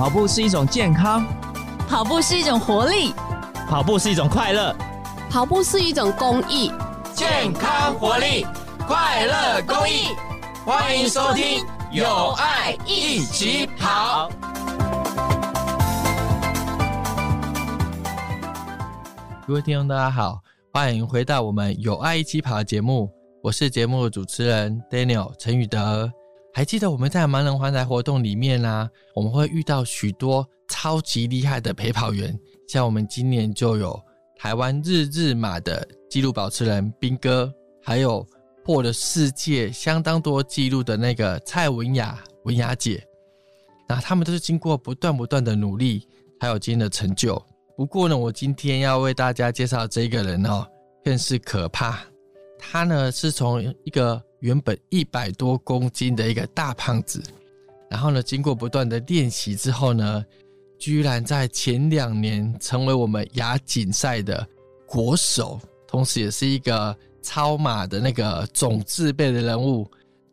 跑步是一種健康，跑步是一種活力，跑步是一種快樂，跑步是一種公益。健康、活力、快樂、公益，歡迎收聽《有愛益起跑》。各位聽眾，大家好，歡迎回到我們《有愛益起跑》節目，我是節目的主持人 Daniel 陳宇德。還記得我們在盲人環台活動裡面啦、啊，我們會遇到許多超級厲害的陪跑員，像我們今年就有台灣日日馬的紀錄保持人斌哥，還有破了世界相當多紀錄的那個蔡文雅文雅姐，那他們都是經過不斷不斷的努力才有今天的成就。不過呢，我今天要為大家介紹的這個人哦，更是可怕，他呢是從一個。原本一百多公斤的一個大胖子，然後呢，經過不斷的練習之後呢，居然在前兩年成為我們亞錦賽的國手，同時也是一個超馬的那個總字輩的人物。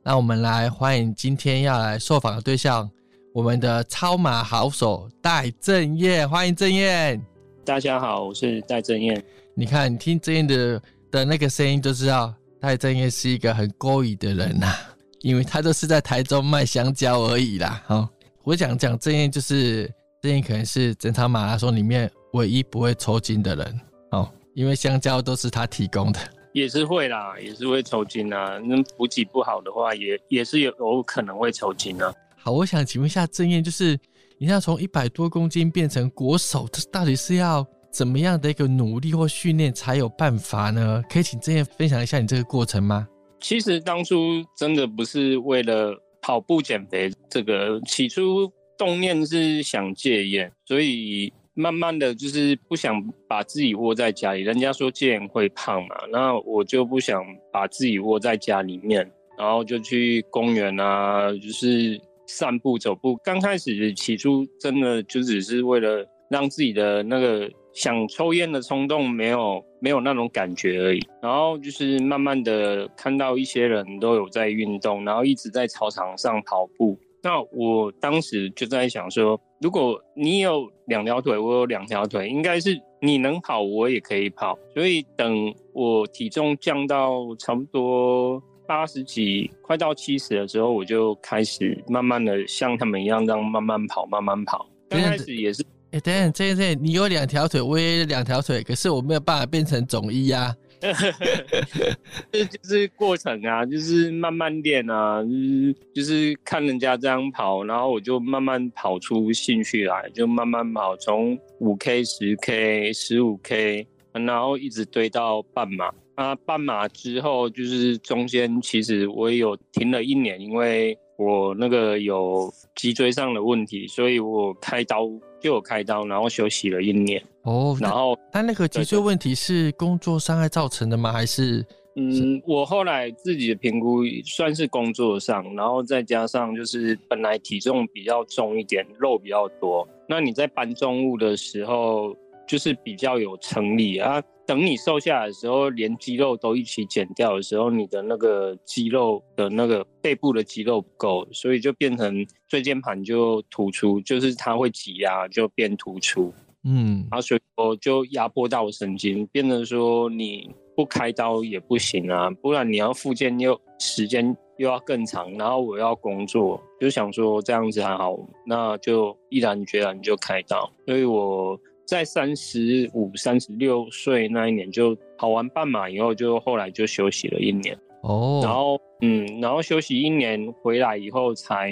那我們來歡迎今天要來受訪的對象，我們的超馬好手戴政彥。歡迎政彥。大家好，我是戴政彥。你看，你聽政彥的的那個聲音就知道。戴政彥是一個很過癮的人吶、啊，因為他都是在台中賣香蕉而已啦。哦，我想講政彥就是政彥，可能是整場馬拉松裡面唯一不會抽筋的人哦，因為香蕉都是他提供的。也是會啦，也是會抽筋啦，啊，那補給不好的話也，也也是有有可能會抽筋的，啊。好，我想請問一下政彥，就是你要從一百多公斤變成國手，這到底是要？怎麼樣的一個努力或訓練才有辦法呢？可以請政彥分享一下你這個過程嗎？其實當初真的不是為了跑步減肥，這個起初動念是想戒菸，所以慢慢的就是不想把自己窩在家裡。人家說戒菸會胖嘛，那我就不想把自己窩在家裡面，然後就去公園啊，就是散步、走步。剛開始起初真的就只是為了讓自己的那個。想抽煙的衝動，沒有沒有那種感覺而已，然後就是慢慢的看到一些人都有在運動，然後一直在操場上跑步。那我當時就在想說，如果你有兩條腿，我有兩條腿，應該是你能跑，我也可以跑。所以等我體重降到差不多八十幾，快到七十的時候，我就開始慢慢的像他們一樣，這樣慢慢跑，慢慢跑。剛開始也是。欸、等一下等，這這，你有兩條腿，我也有兩條腿，可是我沒有辦法變成總一啊！這 就是過程啊，就是慢慢練啊，就是就是看人家這樣跑，然後我就慢慢跑出興趣來，就慢慢跑，從五 k、十 k、十五 k，然後一直堆到半馬啊，那半馬之後就是中間其實我也有停了一年，因為。我那個有脊椎上的問題，所以我開刀就有開刀，然後休息了一年哦。然後，他那，那，那個脊椎問題是工作傷害造成的嗎？對對對。還是？嗯，我後來自己的評估算是工作上，然後再加上就是本來體重比較重一點，肉比較多。那你在搬重物的時候，就是比較有撐力啊。等你瘦下來的時候，連肌肉都一起減掉的時候，你的那個肌肉的那個背部的肌肉不夠，所以就變成椎間盤就突出，就是它會擠壓，就變突出。嗯，然後、啊、所以我就壓迫到我神經，變成說你不開刀也不行啊，不然你要復健又時間又要更長。然後我要工作，就想說這樣子還好，那就毅然決然就開刀。所以我。在三十五、三十六歲那一年，就跑完半馬以後，就後來就休息了一年。哦，然後嗯，然後休息一年回來以後，才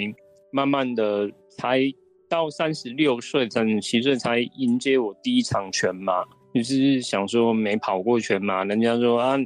慢慢的才到三十六歲、三十七歲才迎接我第一場全馬。就是想說沒跑過全馬，人家說啊，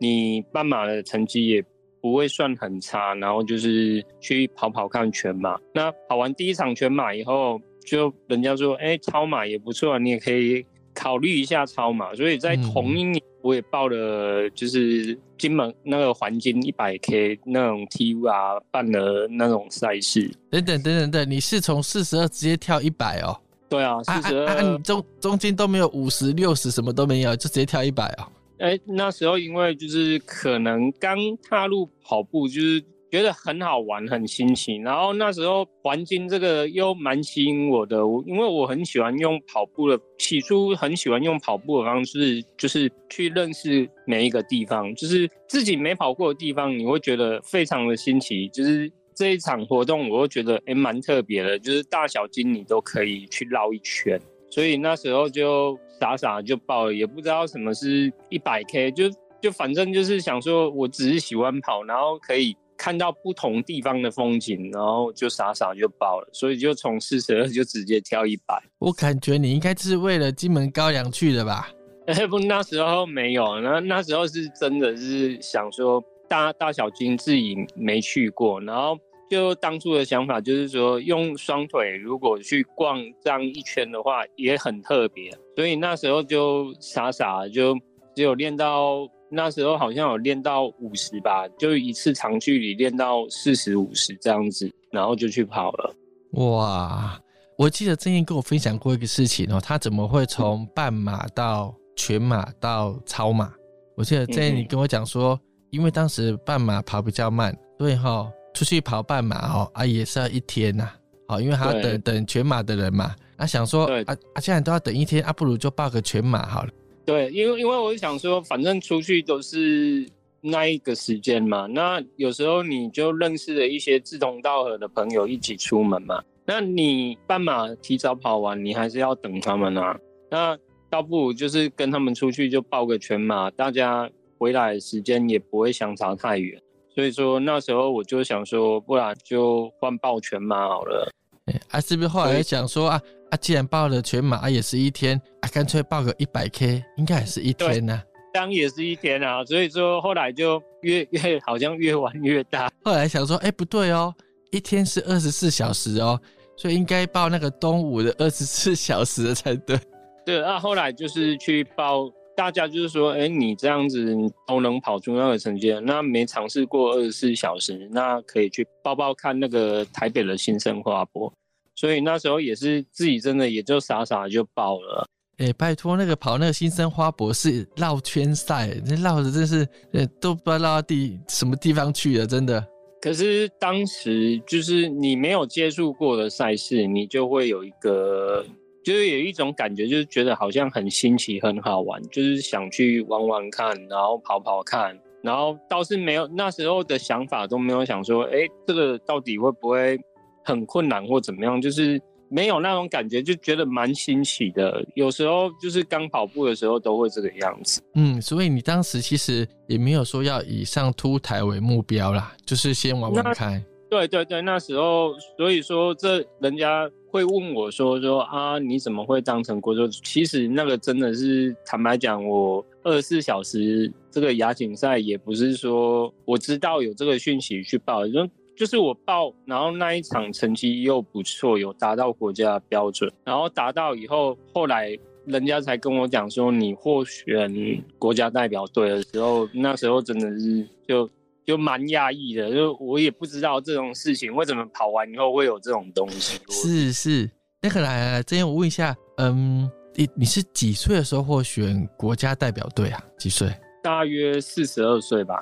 你半馬的成績也不會算很差，然後就是去跑跑看全馬。那跑完第一場全馬以後。就人家說，哎、欸，超馬也不錯，你也可以考慮一下超馬。所以，在同一年，我也報了，就是金門那個環金一百 K 那種 TU 啊辦的那種賽事。等等等等等，你是從四十二直接跳一百哦？對啊，四十二。你中中間都沒有五十六十什麼都沒有，就直接跳一百啊？哎、欸，那時候因為就是可能剛踏入跑步，就是。覺得很好玩，很新奇。然後那時候環境這個又蠻吸引我的，我因為我很喜歡用跑步的，起初很喜歡用跑步的方式，就是去認識每一個地方，就是自己沒跑過的地方，你會覺得非常的新奇。就是這一場活動，我會覺得哎蠻、欸、特別的，就是大小金你都可以去繞一圈。所以那時候就傻傻就報了，也不知道什麼是一百 K，就就反正就是想說，我只是喜歡跑，然後可以。看到不同地方的風景，然後就傻傻就報了，所以就從四十二就直接跳一百。我感覺你應該是為了金門高粱去的吧？哎、欸、不，那時候沒有，那那時候是真的是想說大大小金自己沒去過，然後就當初的想法就是說用雙腿如果去逛這樣一圈的話也很特別，所以那時候就傻傻就只有練到。那時候好像有練到五十吧，就一次長距離練到四十五十這樣子，然後就去跑了。哇！我記得政彥跟我分享過一個事情哦，他怎麼會從半馬到全馬到超馬？我記得政彥你跟我講說，嗯嗯因為當時半馬跑比較慢，對哈、哦，出去跑半馬哦啊也是要一天吶，好，因為還要等對 等全馬的人嘛，他、啊、想說對 啊啊現在都要等一天，啊，不如就報個全馬好了。對，因為因為我想說，反正出去都是那一個時間嘛，那有時候你就認識了一些志同道合的朋友一起出門嘛，那你半馬提早跑完，你還是要等他們啊，那倒不如就是跟他們出去就報個全馬，大家回來的時間也不會相差太遠，所以說那時候我就想說，不然就換報全馬好了，哎、還、啊、是不是後來想說啊？啊，既然報了全馬，也是一天啊，乾脆報個一百 K，應該也是一天吶。當也是一天啊，所以說後來就越越好像越玩越大。後來想說，哎、欸，不對哦，一天是二十四小時哦，所以應該報那個東吳的二十四小時才對。對，那、啊、後來就是去報，大家就是說，哎、欸，你這樣子都能跑出那樣的成績，那沒嘗試過二十四小時，那可以去報報看那個台北的新生花博。所以那時候也是自己真的也就傻傻就報了。哎，拜託那個跑那個新生花博士繞圈賽，那繞的真是，呃，都不知道到第什麼地方去了，真的。可是當時就是你沒有接觸過的賽事，你就會有一個，就是有一種感覺，就是覺得好像很新奇，很好玩，就是想去玩玩看，然後跑跑看，然後倒是沒有那時候的想法都沒有想說，哎，這個到底會不會？很困難或怎麼樣，就是沒有那種感覺，就覺得蠻新奇的。有時候就是剛跑步的時候都會這個樣子。嗯，所以你當時其實也沒有說要以上凸台為目標啦，就是先玩玩看。對對對，那時候所以說這，這人家會問我說說啊，你怎麼會當成國手？其實那個真的是，坦白講，我二十四小時這個亞錦賽也不是說我知道有這個訊息去報，就是就是我報，然後那一場成績又不錯，有達到國家的標準，然後達到以後，後來人家才跟我講說你獲選國家代表隊的時候，那時候真的是就就蠻訝異的，就我也不知道這種事情為什麼跑完以後會有這種東西。是是，那個來來、啊、來，這樣我問一下，嗯，你你是幾歲的時候獲選國家代表隊啊？幾歲？大約四十二歲吧。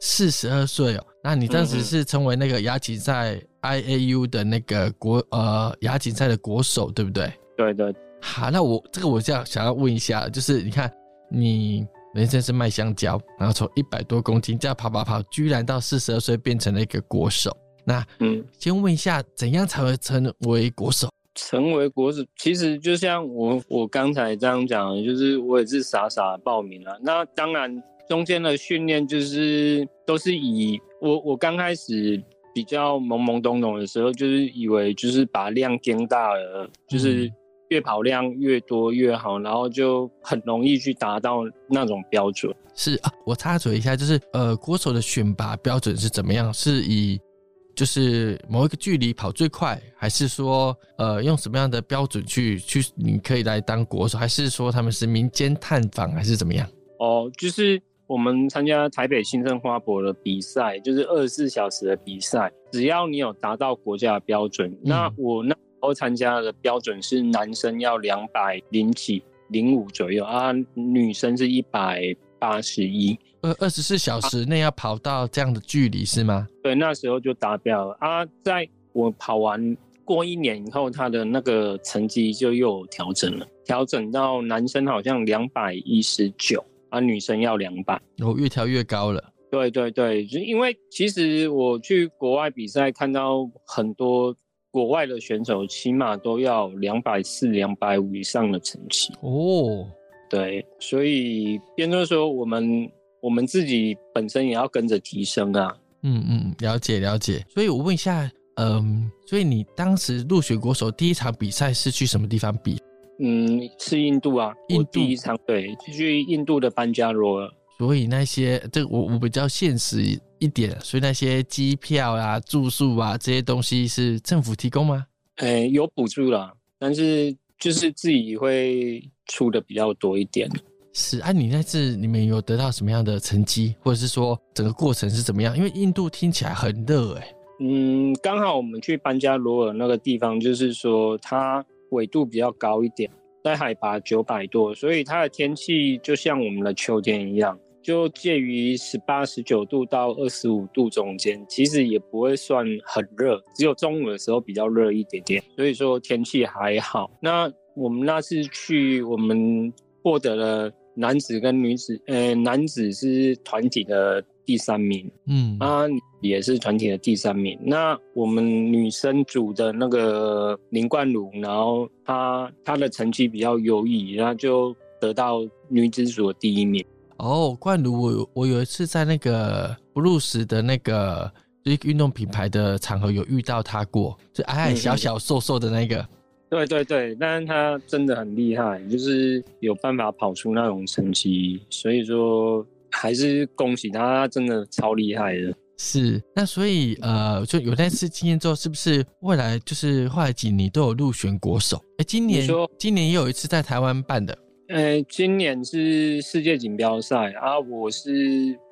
四十二歲哦，那你當時是成為那個亞錦賽 IAU 的那個國呃亞錦賽的國手，對不對？對對，好，那我這個我就要想要問一下，就是你看你人生是賣香蕉，然後從一百多公斤這樣跑跑跑，居然到四十二歲變成了一個國手。那嗯，先問一下，怎樣才會成為國手？成為國手其實就像我我剛才這樣講的，就是我也是傻傻的報名了，那當然。中間的訓練就是都是以我我剛開始比較懵懵懂懂的時候，就是以為就是把量加大了，嗯、就是越跑量越多越好，然後就很容易去達到那種標準。是啊，我插嘴一下，就是呃，國手的選拔標準是怎麼樣？是以就是某一個距離跑最快，還是說呃用什麼樣的標準去去你可以來當國手，還是說他們是民間探訪還是怎麼樣？哦，就是。我們參加台北新生花博的比賽，就是二十四小時的比賽。只要你有達到國家的標準，嗯、那我那時候參加的標準是男生要兩百零幾零五左右啊，女生是一百八十一。二十四小時內要跑到這樣的距離是嗎？啊、對，那時候就達標了啊。在我跑完過一年以後，他的那個成績就又調整了，調整到男生好像兩百一十九。女生要兩百，我、哦、越跳越高了。對對對，就因為其實我去國外比賽，看到很多國外的選手，起碼都要兩百四、兩百五以上的成績。哦，對，所以變成說我們我們自己本身也要跟着提升啊。嗯嗯，了解了解。所以我問一下，嗯，所以你當時入選國手第一場比賽是去什麼地方比？嗯，是印度啊，印度第一場對，去印度的班加羅爾。所以那些，這我我比較現實一點。所以那些機票啊、住宿啊這些東西是政府提供嗎？哎、欸，有補助啦。但是就是自己會出的比較多一點。是啊，你那次你們有得到什麼樣的成績，或者是說整個過程是怎麼樣？因為印度聽起來很熱、欸，哎。嗯，剛好我們去班加羅爾那個地方，就是說它。他緯度比較高一點，在海拔九百多，所以它的天氣就像我們的秋天一樣，就介於十八、十九度到二十五度中間，其實也不會算很熱，只有中午的時候比較熱一點點。所以說天氣還好。那我們那次去，我們獲得了男子跟女子，呃，男子是團體的第三名，嗯啊。也是團體的第三名。那我們女生組的那個林冠如，然後她她的成績比較優異，然後就得到女子組的第一名。哦，冠如，我我有一次在那個布魯斯的那個這個運動品牌的場合有遇到他過，就矮矮小小瘦瘦的那個。嗯、對對對，但是他真的很厲害，就是有辦法跑出那種成績，所以說還是恭喜他，她真的超厲害的。是，那所以呃，就有那次經驗之後，是不是未來就是後來幾年都有入選國手？哎、欸，今年說今年也有一次在台灣辦的。呃，今年是世界錦標賽啊，我是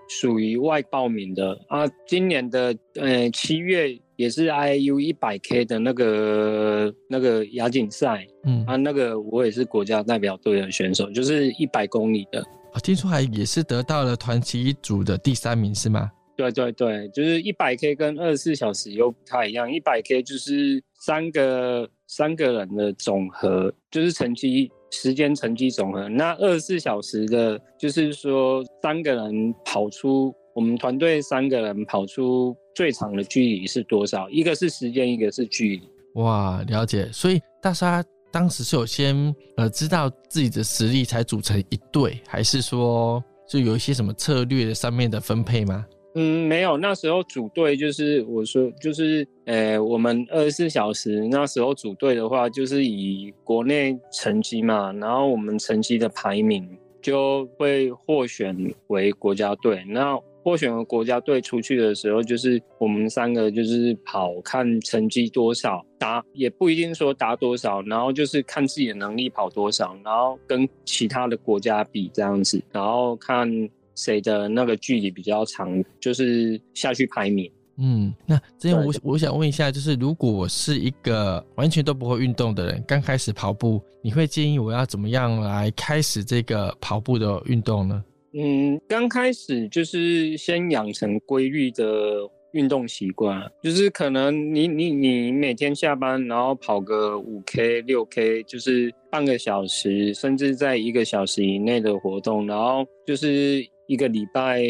屬於外報名的啊。今年的呃七月也是 IAU 一百 K 的那個那個亞錦賽，嗯，啊，那個我也是國家代表隊的選手，就是一百公里的、啊、聽說還也是得到了團體組的第三名是嗎？對對對，就是一百 K 跟二十四小時又不太一樣。一百 K 就是三個三個人的總和，就是成績時間成績總和。那二十四小時的，就是說三個人跑出我們團隊三個人跑出最長的距離是多少？一個是時間，一個是距離。哇，了解。所以大家當時是有先呃知道自己的實力才組成一隊，還是說就有一些什麼策略上面的分配嗎？嗯，沒有。那時候組隊就是我說，就是，誒、欸，我們二十四小時那時候組隊的話，就是以國內成績嘛，然後我們成績的排名就會獲選為國家隊。那獲選為國家隊出去的時候，就是我們三個就是跑，看成績多少，達也不一定說達多少，然後就是看自己的能力跑多少，然後跟其他的國家比這樣子，然後看，誰的那個距離比較長，就是下去排名。嗯，那這樣我我想問一下，就是如果我是一個完全都不會運動的人，剛開始跑步，你會建議我要怎麼樣來開始這個跑步的運動呢？嗯，剛開始就是先養成規律的運動習慣，就是可能你你你每天下班然後跑個五 K、六 K，就是半個小時，甚至在一個小時以內的活動，然後就是。一個禮拜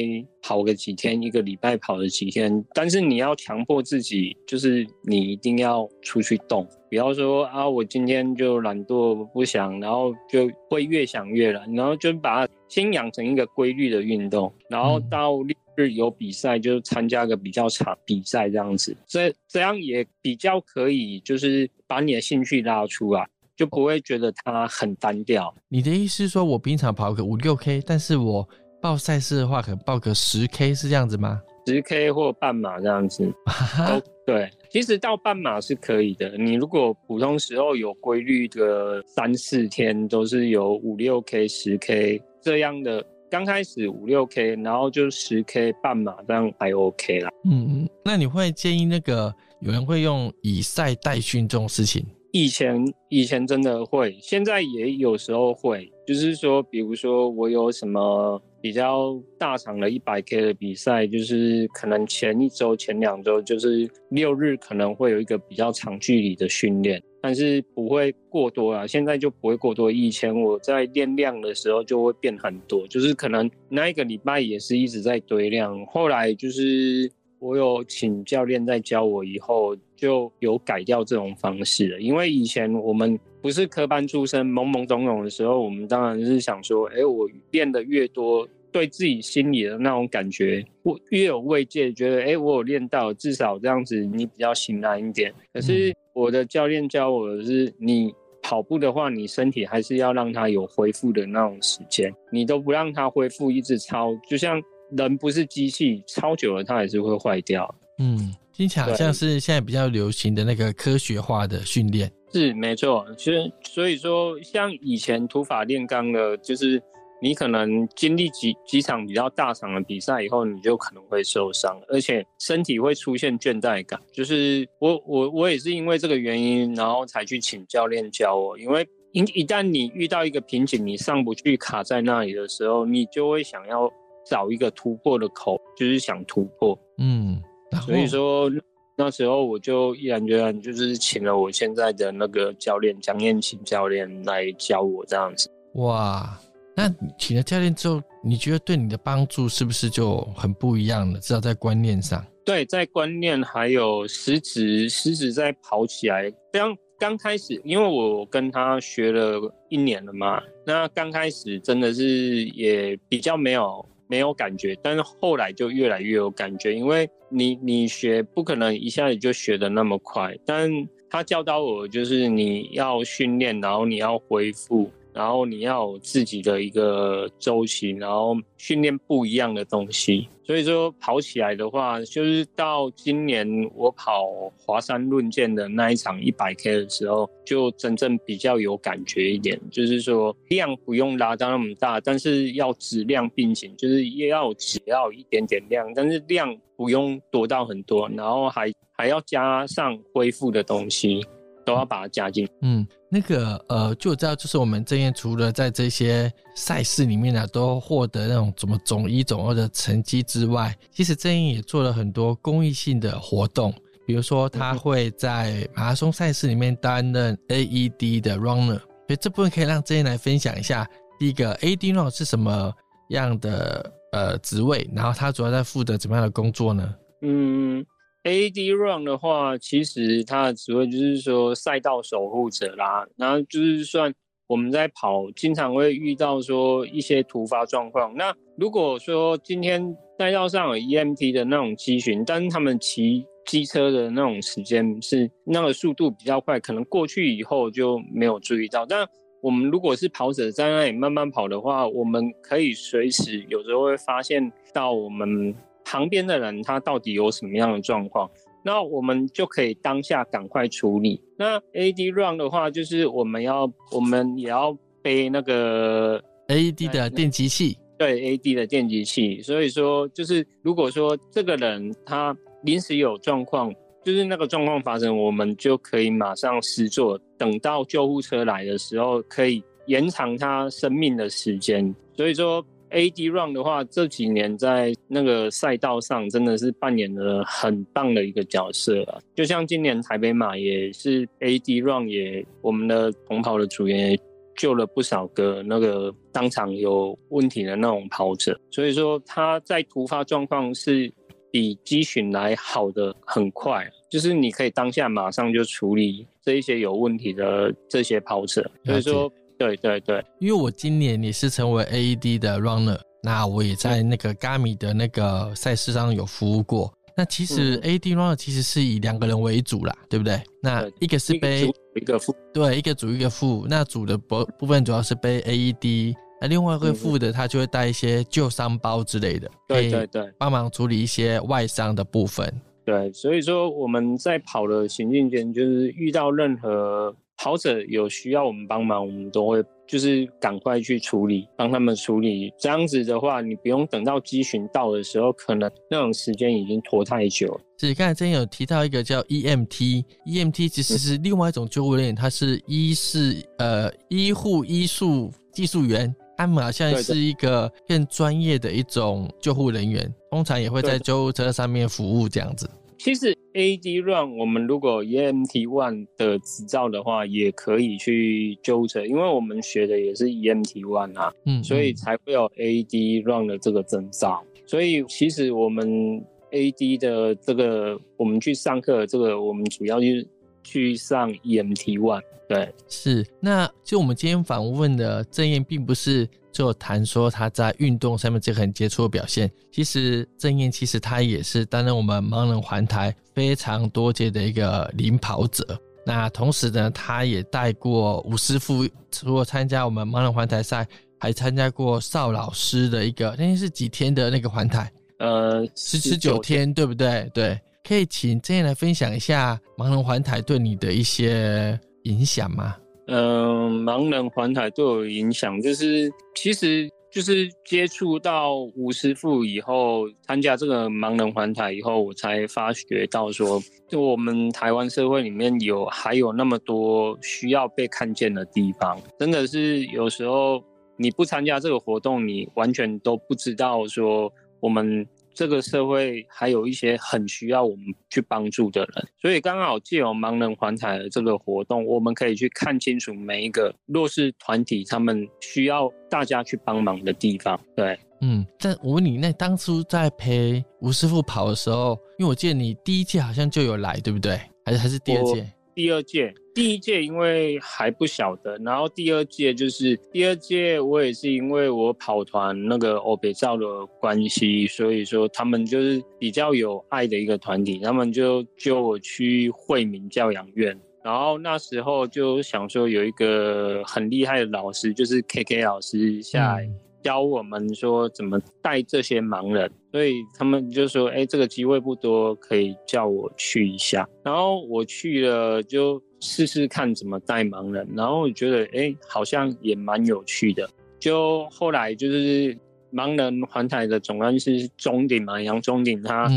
跑個幾天，一個禮拜跑個幾天，但是你要強迫自己，就是你一定要出去動，比方說啊，我今天就懶惰不想，然後就會越想越懶，然後就把它先養成一個規律的運動，然後到六日有比賽就參加個比較長比賽這樣子，這這樣也比較可以，就是把你的興趣拉出來，就不會覺得它很單調。你的意思說我平常跑個五六 K，但是我。報賽事的話，可能報個十 K 是這樣子嗎？十 K 或半馬這樣子，啊，對，其實到半馬是可以的。你如果普通時候有規律的三四天都是有五六 K、十 K 這樣的，剛開始五六 K，然後就十 K 半馬這樣還 OK 啦。嗯，那你會建議那個有人會用以賽代訓這種事情？以前以前真的會，現在也有時候會，就是說，比如說我有什麼。比較大場的一百 K 的比賽，就是可能前一週、前兩週，就是六日可能會有一個比較長距離的訓練，但是不會過多啊。現在就不會過多，以前我在練量的時候就會變很多，就是可能那一個禮拜也是一直在堆量。後來就是我有請教練在教我以後。就有改掉這種方式了，因為以前我們不是科班出身，懵懵懂懂的時候，我們當然就是想說，哎、欸，我練得越多，對自己心裡的那種感覺，我越有慰藉，覺得哎、欸，我有練到，至少這樣子你比較心安一點。可是我的教練教我的是，你跑步的話，你身體還是要讓它有恢復的那種時間，你都不讓它恢復，一直操，就像人不是機器，操久了它還是會壞掉。嗯。聽起來好像是現在比較流行的那個科學化的訓練，是沒錯。其實，所以說，像以前土法煉鋼的，就是你可能經歷幾幾場比較大場的比賽以後，你就可能會受傷，而且身體會出現倦怠感。就是我我我也是因為這個原因，然後才去請教練教我。因為因一，一旦你遇到一個瓶頸，你上不去，卡在那裡的時候，你就會想要找一個突破的口，就是想突破。嗯。所以說那時候我就毅然決然，就是請了我現在的那個教練江燕琴教練來教我這樣子。哇，那請了教練之後，你覺得對你的幫助是不是就很不一樣了？至少在觀念上。對，在觀念還有實質，實質在跑起來。剛剛開始，因為我跟他學了一年了嘛，那剛開始真的是也比較沒有。沒有感覺，但是後來就越來越有感覺，因為你你學不可能一下子就學得那麼快，但他教導我就是你要訓練，然後你要恢復。然後你要有自己的一個週期，然後訓練不一樣的東西。所以說跑起來的話，就是到今年我跑華山論劍的那一場 100K 的時候，就真正比較有感覺一點。就是說量不用拉到那麼大，但是要質量並行，就是也要只要一點點量，但是量不用多到很多，然後還還要加上恢復的東西。都要把它加進。嗯，那個呃，據我知道，就是我們政彥除了在這些賽事裡面呢、啊，都獲得那種怎麼總一總二的成績之外，其實政彥也做了很多公益性的活動。比如說，他會在馬拉松賽事裡面擔任 AED 的 runner、嗯、所以這部分可以讓政彥來分享一下，第一個 AED runner 是什麼樣的呃職位，然後他主要在負責怎麼樣的工作呢？嗯。AD Run 的話，其實他的職位就是說賽道守護者啦，然後就是算我們在跑，經常會遇到說一些突發狀況。那如果說今天賽道上有 EMT 的那種機群，但是他們騎機車的那種時間是那個速度比較快，可能過去以後就沒有注意到。但我們如果是跑者在那裡慢慢跑的話，我們可以隨時有時候會發現到我們。旁邊的人他到底有什麼樣的狀況？那我們就可以當下趕快處理。那 AED run 的話，就是我們要我們也要背那個 AED 的電擊器。對 AED 的電擊器，所以說就是如果說這個人他臨時有狀況，就是那個狀況發生，我們就可以馬上施作，等到救護車來的時候，可以延長他生命的時間。所以說。A D Run 的話，這幾年在那個賽道上真的是扮演了很棒的一個角色了，啊。就像今年台北馬也是 A D Run 也我們的同跑的組員也救了不少個那個當場有問題的那種跑者，所以說他在突發狀況是比機巡來好的很快，就是你可以當下馬上就處理這一些有問題的這些跑者，所以說。對對對，因為我今年也是成為 AED 的 runner，那我也在那個 Gami 的那個賽事上有服務過。那其實 AED runner 其實是以兩個人為主啦，對不對？那一個是背，一個副，對，一個主，一個副。那主的部部分主要是背 AED，那另外一個副的他就會帶一些救傷包之類的，對對對，對，幫忙處理一些外傷的部分。對，所以說我們在跑的行進間，就是遇到任何。跑者有需要我們幫忙，我們都會就是趕快去處理，幫他們處理。這樣子的話，你不用等到諮詢到的時候，可能那種時間已經拖太久了。其實剛才真有提到一個叫 EMT，EMT 其實是另外一種救護人員，他是，是醫是呃醫護醫術技術員，安們好像是一個更專業的一種救護人員，通常也會在救護車上面服務這樣子。其實。A D run，我們如果 E M T one 的執照的話，也可以去糾正，因為我們學的也是 E M T one 啊，嗯,嗯，所以才會有 A D run 的這個證照。所以其實我們 A D 的這個，我們去上課，這個我們主要就是。去上 E M T One，對，是。那就我們今天訪問的政彥，並不是就談說他在運動上面這個很傑出的表現。其實政彥其實他也是擔任我們盲人環台非常多屆的一個領跑者。那同時呢，他也帶過吳師傅，如果參加我們盲人環台賽，還參加過邵老師的一個，那是幾天的那個環台？呃，十十九天，對，對不對？對。可以請政彥來分享一下盲人環台對你的一些影響嗎？嗯、呃，盲人環台對我影響，就是其實就是接觸到吳師傅以後，參加這個盲人環台以後，我才發覺到說，就我們台灣社會裡面有還有那麼多需要被看見的地方，真的是有時候你不參加這個活動，你完全都不知道說我們。這個社會還有一些很需要我們去幫助的人，所以剛好借由盲人環台的這個活動，我們可以去看清楚每一個弱勢團體他們需要大家去幫忙的地方。對，嗯，但我問你，那當初在陪吳師傅跑的時候，因為我記得你第一屆好像就有來，對不對？還是還是第二屆？第二屆，第一屆因為還不曉得，然後第二屆就是第二屆，我也是因為我跑團那個歐北兆的關係，所以說他們就是比較有愛的一個團體，他們就接我去惠民教養院，然後那時候就想說有一個很厲害的老師，就是 K K 老師下來教我們說怎麼帶這些盲人。所以他們就說：“哎、欸，這個機會不多，可以叫我去一下。”然後我去了，就試試看怎麼帶盲人。然後我覺得，哎、欸，好像也蠻有趣的。就後來就是。盲人環台的總幹事是鍾鼎嘛，楊鍾鼎他，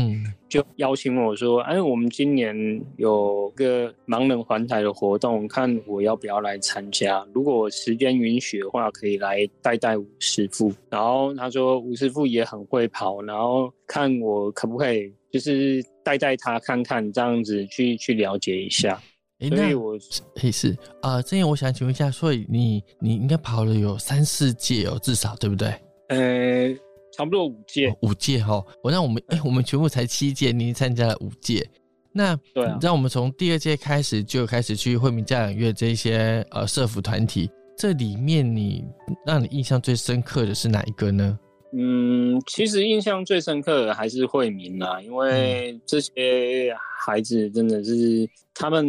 就邀請我說：“嗯、哎，我們今年有個盲人環台的活動，看我要不要來參加？如果我時間允許的話，可以來帶帶吳師傅。”然後他說：“吳師傅也很會跑，然後看我可不可以，就是帶帶他看看，這樣子去去了解一下。欸”所以我那我也、欸、是啊。這、呃、樣我想請問一下，所以你你應該跑了有三四屆哦，至少對不對？呃、欸，差不多五屆，哦、五屆哈、哦。我讓我們，哎、欸，我們全部才七屆，你參加了五屆。那對、啊、讓我們從第二屆開始就開始去惠民教養院這一些呃社福團體，這裡面你讓你印象最深刻的是哪一個呢？嗯，其實印象最深刻的還是惠民啦，因為這些孩子真的是，他們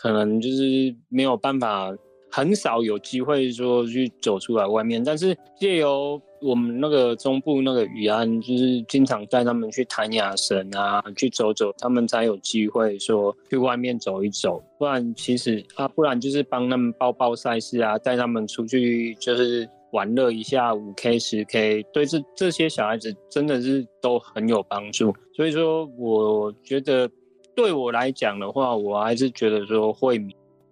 可能就是沒有辦法。很少有機會說去走出來外面，但是借由我們那個中部那個宇安，就是經常帶他們去彈雅神啊，去走走，他們才有機會說去外面走一走。不然其實啊，不然就是幫他們報報賽事啊，帶他們出去就是玩樂一下。五 K 十 K 對這這些小孩子真的是都很有幫助。所以說，我覺得對我來講的話，我還是覺得說會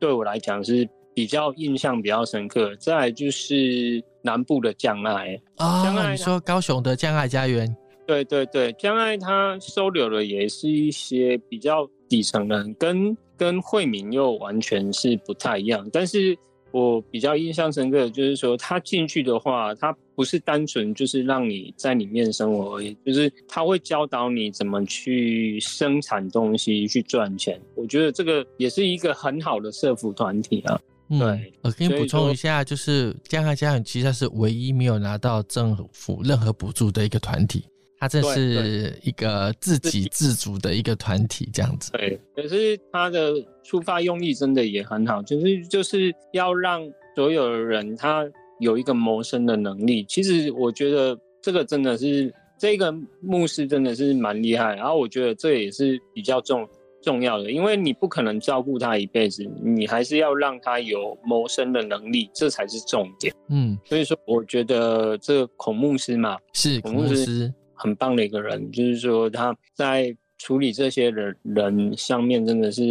對我來講是。比較印象比較深刻，再來就是南部的將愛啊，oh, 你說高雄的將愛家園。對對對，將愛他收留的也是一些比較底層的人，跟跟惠民又完全是不太一樣。但是我比較印象深刻的就是說，他進去的話，他不是單純就是讓你在裡面生活而已，就是他會教導你怎麼去生產東西去賺錢。我覺得這個也是一個很好的社福團體啊。對，我可以補充一下，就，就是江漢江園其實是唯一沒有拿到政府任何補助的一個團體，他這是一個自己自主的一個團體，這樣子對對。對，可是他的出發用意真的也很好，就是就是要讓所有人他有一個謀生的能力。其實我覺得這個真的是這個牧師真的是蠻厲害，然後我覺得這也是比較重。重要的，因為你不可能照顧他一輩子，你還是要讓他有謀生的能力，這才是重點。嗯，所以說，我覺得這個孔牧師嘛，是孔牧，孔牧師很棒的一個人，就是說他在處理這些人人上面真的是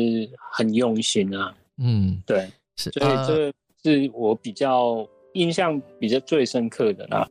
很用心啊。嗯，對，是，所以這是我比較印象比較最深刻的啦。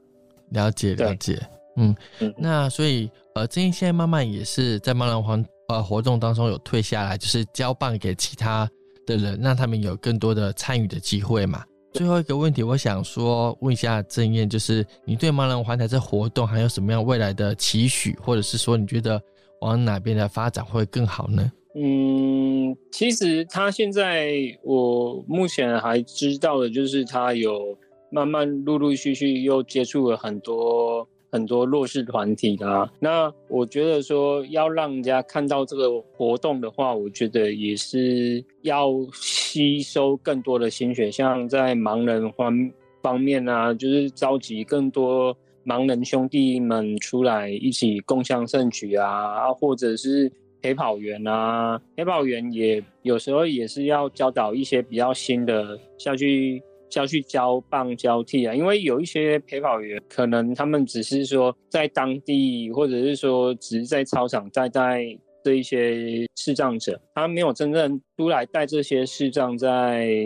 了解，對了解。嗯，嗯那所以呃，最近現在慢慢也是在曼蘭皇。呃，活動當中有退下來，就是交棒給其他的人，讓他們有更多的參與的機會嘛。最後一個問題，我想說問一下政彥，就是你對盲人環台這活動還有什麼樣未來的期許，或者是說你覺得往哪邊的發展會更好呢？嗯，其實他現在我目前還知道的就是他有慢慢陸陸續續又接觸了很多。很多弱勢團體啦、啊，那我覺得說，要讓人家看到這個活動的話，我覺得也是要吸收更多的新血，像在盲人方方面啊，就是召集更多盲人兄弟們出來一起共襄盛舉啊，或者是陪跑員啊，陪跑員也有時候也是要教導一些比較新的下去。要去交棒交替啊，因為有一些陪跑員，可能他們只是說在當地，或者是說只是在操場帶帶這一些視障者，他沒有真正出來帶這些視障在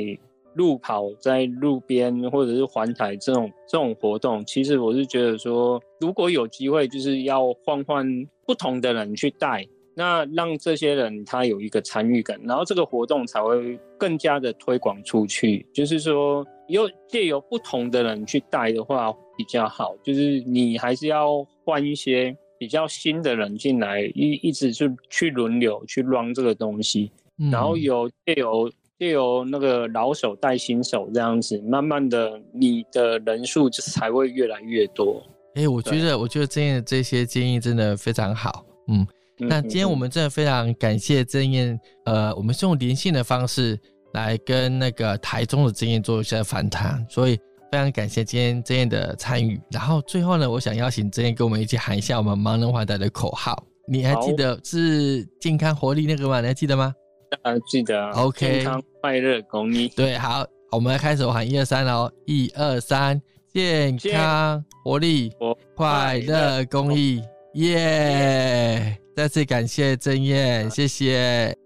路跑，在路邊或者是環台這種這種活動。其實我是覺得說，如果有機會，就是要換換不同的人去帶，那讓這些人他有一個參與感，然後這個活動才會更加的推廣出去。就是說。有借由不同的人去帶的話比較好，就是你還是要換一些比較新的人進來，一一直就去輪流去 run 這個東西，然後有借由借、嗯、由那個老手帶新手這樣子，慢慢的你的人數就是才會越來越多。哎、欸，我覺得對我覺得政彥的這些建議真的非常好。嗯，那今天我們真的非常感謝政彥，呃，我們是用連線的方式。來跟那個台中的政彥做一下訪談，所以非常感謝今天政彥的參與。然後最後呢，我想邀請政彥跟我們一起喊一下我們盲人滑板的口號。你還記得是健康活力那個嗎？你還記得嗎？大家記得。OK，健康快樂公益。對，好，我們來開始，我喊一二三嘍，一二三，健康健活力快樂力我公益，耶、yeah！Yeah. 再次感謝政彥，Yeah. 謝謝。